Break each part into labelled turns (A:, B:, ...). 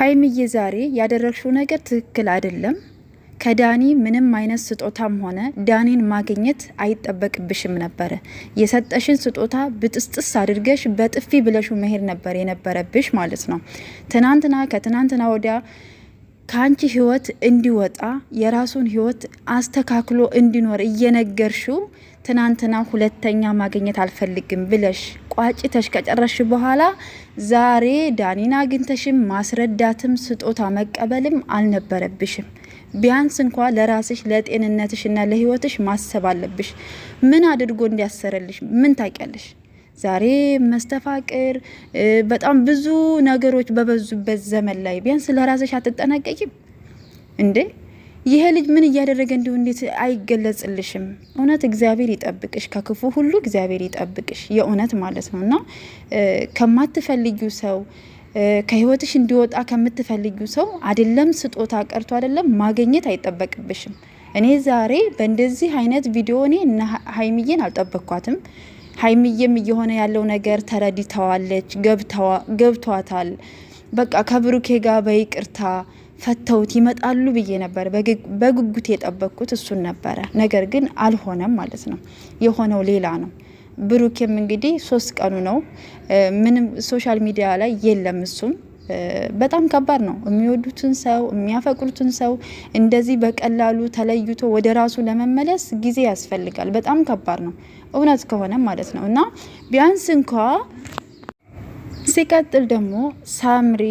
A: ሀይሚዬ ዛሬ ያደረግሽው ነገር ትክክል አይደለም። ከዳኒ ምንም አይነት ስጦታም ሆነ ዳኒን ማግኘት አይጠበቅብሽም ነበረ። የሰጠሽን ስጦታ ብጥስጥስ አድርገሽ በጥፊ ብለሹ መሄድ ነበር የነበረብሽ ማለት ነው። ትናንትና ከትናንትና ወዲያ ከአንቺ ህይወት እንዲወጣ የራሱን ህይወት አስተካክሎ እንዲኖር እየነገርሽው ትናንትና ሁለተኛ ማግኘት አልፈልግም ብለሽ ቋጭተሽ ከጨረሽ በኋላ ዛሬ ዳኒን አግኝተሽም ማስረዳትም ስጦታ መቀበልም አልነበረብሽም። ቢያንስ እንኳ ለራስሽ ለጤንነትሽ እና ለህይወትሽ ማሰብ አለብሽ። ምን አድርጎ እንዲያሰረልሽ ምን ታውቂያለሽ? ዛሬ መስተፋቅር በጣም ብዙ ነገሮች በበዙበት ዘመን ላይ ቢያንስ ለራስሽ አትጠናቀቂም እንዴ? ይሄ ልጅ ምን እያደረገ እንዲሁ እንዴት አይገለጽልሽም? እውነት እግዚአብሔር ይጠብቅሽ፣ ከክፉ ሁሉ እግዚአብሔር ይጠብቅሽ። የእውነት ማለት ነው እና ከማትፈልጊው ሰው ከህይወትሽ እንዲወጣ ከምትፈልጊው ሰው አይደለም ስጦታ ቀርቶ አይደለም ማግኘት አይጠበቅብሽም። እኔ ዛሬ በእንደዚህ አይነት ቪዲዮ እኔ እነ ሀይሚዬን አልጠበቅኳትም። ሀይምዬም እየሆነ ያለው ነገር ተረድተዋለች፣ ገብቷታል። በቃ ከብሩኬ ጋር በይቅርታ ፈተውት ይመጣሉ ብዬ ነበር በጉጉት የጠበቅኩት እሱን ነበረ። ነገር ግን አልሆነም ማለት ነው። የሆነው ሌላ ነው። ብሩኬም እንግዲህ ሶስት ቀኑ ነው። ምንም ሶሻል ሚዲያ ላይ የለም እሱም በጣም ከባድ ነው። የሚወዱትን ሰው የሚያፈቅሩትን ሰው እንደዚህ በቀላሉ ተለይቶ ወደ ራሱ ለመመለስ ጊዜ ያስፈልጋል። በጣም ከባድ ነው እውነት ከሆነ ማለት ነው። እና ቢያንስ እንኳ ሲቀጥል ደግሞ ሳምሪ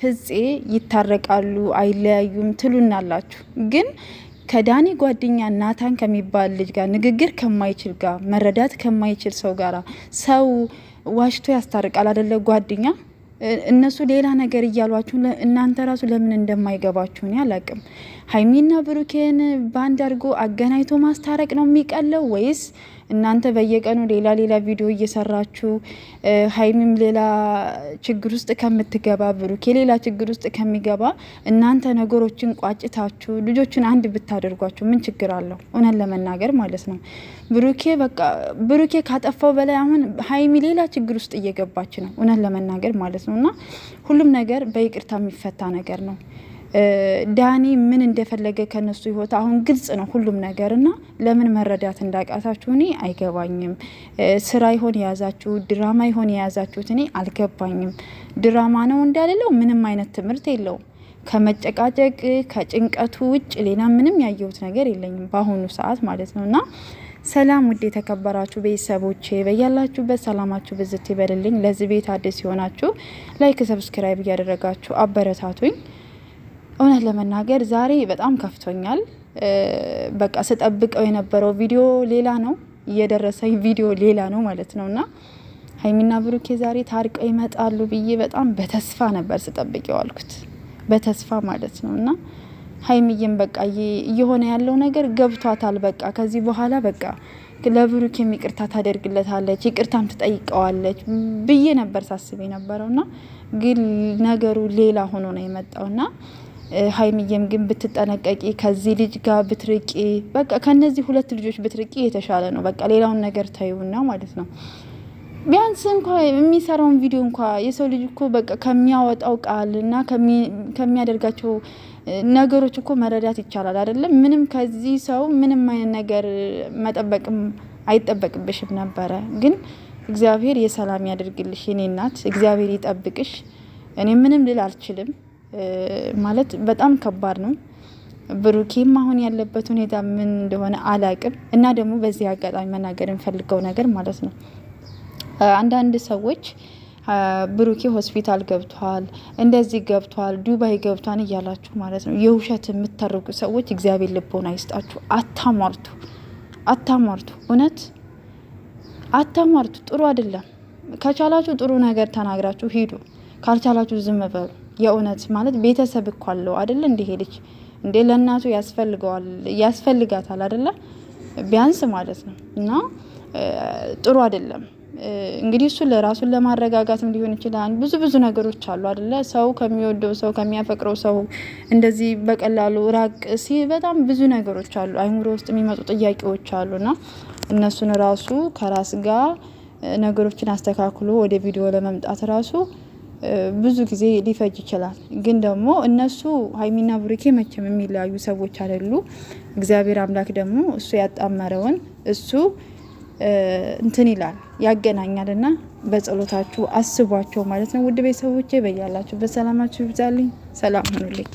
A: ፍፄ ይታረቃሉ አይለያዩም ትሉናላችሁ ግን ከዳኒ ጓደኛ ናታን ከሚባል ልጅ ጋር ንግግር ከማይችል ጋር መረዳት ከማይችል ሰው ጋር ሰው ዋሽቶ ያስታርቃል አደለ ጓደኛ እነሱ ሌላ ነገር እያሏችሁ እናንተ ራሱ ለምን እንደማይገባችሁ እኔ አላቅም። ሀይሚና ብሩኬን በአንድ አድርጎ አገናኝቶ ማስታረቅ ነው የሚቀለው ወይስ እናንተ በየቀኑ ሌላ ሌላ ቪዲዮ እየሰራችሁ ሀይሚም ሌላ ችግር ውስጥ ከምትገባ ብሩኬ ሌላ ችግር ውስጥ ከሚገባ እናንተ ነገሮችን ቋጭታችሁ ልጆችን አንድ ብታደርጓችሁ ምን ችግር አለው? እውነት ለመናገር ማለት ነው። ብሩኬ በቃ ብሩኬ ካጠፋው በላይ አሁን ሀይሚ ሌላ ችግር ውስጥ እየገባች ነው። እውነት ለመናገር ማለት ነው እና ሁሉም ነገር በይቅርታ የሚፈታ ነገር ነው። ዳኒ ምን እንደፈለገ ከነሱ ህይወት አሁን ግልጽ ነው ሁሉም ነገር እና ለምን መረዳት እንዳቃታችሁ እኔ አይገባኝም። ስራ ይሆን የያዛችሁ ድራማ ይሆን የያዛችሁት እኔ አልገባኝም። ድራማ ነው እንዳልለው ምንም አይነት ትምህርት የለውም። ከመጨቃጨቅ ከጭንቀቱ ውጭ ሌላ ምንም ያየሁት ነገር የለኝም በአሁኑ ሰዓት ማለት ነው እና ሰላም ውድ የተከበራችሁ ቤተሰቦቼ በያላችሁበት ሰላማችሁ ብዝት ይበልልኝ። ለዚህ ቤት አዲስ ሲሆናችሁ ላይክ፣ ሰብስክራይብ እያደረጋችሁ አበረታቱኝ። እውነት ለመናገር ዛሬ በጣም ከፍቶኛል። በቃ ስጠብቀው የነበረው ቪዲዮ ሌላ ነው፣ እየደረሰኝ ቪዲዮ ሌላ ነው ማለት ነው እና ሀይሚና ብሩኬ ዛሬ ታርቀው ይመጣሉ ብዬ በጣም በተስፋ ነበር ስጠብቅ የዋልኩት በተስፋ ማለት ነው እና ሀይሚዬም በቃ እየሆነ ያለው ነገር ገብቷታል። በቃ ከዚህ በኋላ በቃ ለብሩኬ ይቅርታ ታደርግለታለች፣ ይቅርታም ትጠይቀዋለች ብዬ ነበር ሳስብ የነበረውና ግን ነገሩ ሌላ ሆኖ ነው የመጣውና ሀይሚዬም ግን ብትጠነቀቂ ከዚህ ልጅ ጋር ብትርቂ፣ በቃ ከነዚህ ሁለት ልጆች ብትርቂ የተሻለ ነው። በቃ ሌላውን ነገር ታዩና ማለት ነው። ቢያንስ እንኳ የሚሰራውን ቪዲዮ እንኳ የሰው ልጅ እኮ በቃ ከሚያወጣው ቃል እና ከሚያደርጋቸው ነገሮች እኮ መረዳት ይቻላል አይደለም? ምንም ከዚህ ሰው ምንም አይነት ነገር መጠበቅም አይጠበቅብሽም ነበረ። ግን እግዚአብሔር የሰላም ያደርግልሽ የኔ እናት፣ እግዚአብሔር ይጠብቅሽ። እኔ ምንም ልል አልችልም። ማለት በጣም ከባድ ነው። ብሩኬም አሁን ያለበት ሁኔታ ምን እንደሆነ አላቅም። እና ደግሞ በዚህ አጋጣሚ መናገር የምፈልገው ነገር ማለት ነው አንዳንድ ሰዎች ብሩኬ ሆስፒታል ገብቷል፣ እንደዚህ ገብቷል፣ ዱባይ ገብቷል እያላችሁ ማለት ነው የውሸት የምታደርጉ ሰዎች እግዚአብሔር ልቦና ይስጣችሁ። አታሟርቱ፣ አታሟርቱ፣ እውነት አታሟርቱ። ጥሩ አይደለም። ከቻላችሁ ጥሩ ነገር ተናግራችሁ ሂዱ። ካልቻላችሁ ዝም በሉ። የእውነት ማለት ቤተሰብ እኮ አለው አደለ? እንዲሄደች እንዴ ለእናቱ ያስፈልገዋል ያስፈልጋታል አደለ? ቢያንስ ማለት ነው። እና ጥሩ አይደለም እንግዲህ እሱ ለራሱን ለማረጋጋትም ሊሆን ይችላል። ብዙ ብዙ ነገሮች አሉ አደለ? ሰው ከሚወደው ሰው ከሚያፈቅረው ሰው እንደዚህ በቀላሉ ራቅ ሲ በጣም ብዙ ነገሮች አሉ፣ አይምሮ ውስጥ የሚመጡ ጥያቄዎች አሉና እነሱን ራሱ ከራስ ጋር ነገሮችን አስተካክሎ ወደ ቪዲዮ ለመምጣት ራሱ ብዙ ጊዜ ሊፈጅ ይችላል። ግን ደግሞ እነሱ ሀይሚና ብሩኬ መቼም የሚለያዩ ሰዎች አይደሉ። እግዚአብሔር አምላክ ደግሞ እሱ ያጣመረውን እሱ እንትን ይላል ያገናኛል። እና በጸሎታችሁ አስቧቸው ማለት ነው። ውድ ቤተሰቦቼ በያላችሁ በሰላማችሁ ይብዛልኝ። ሰላም ሁኑልኝ።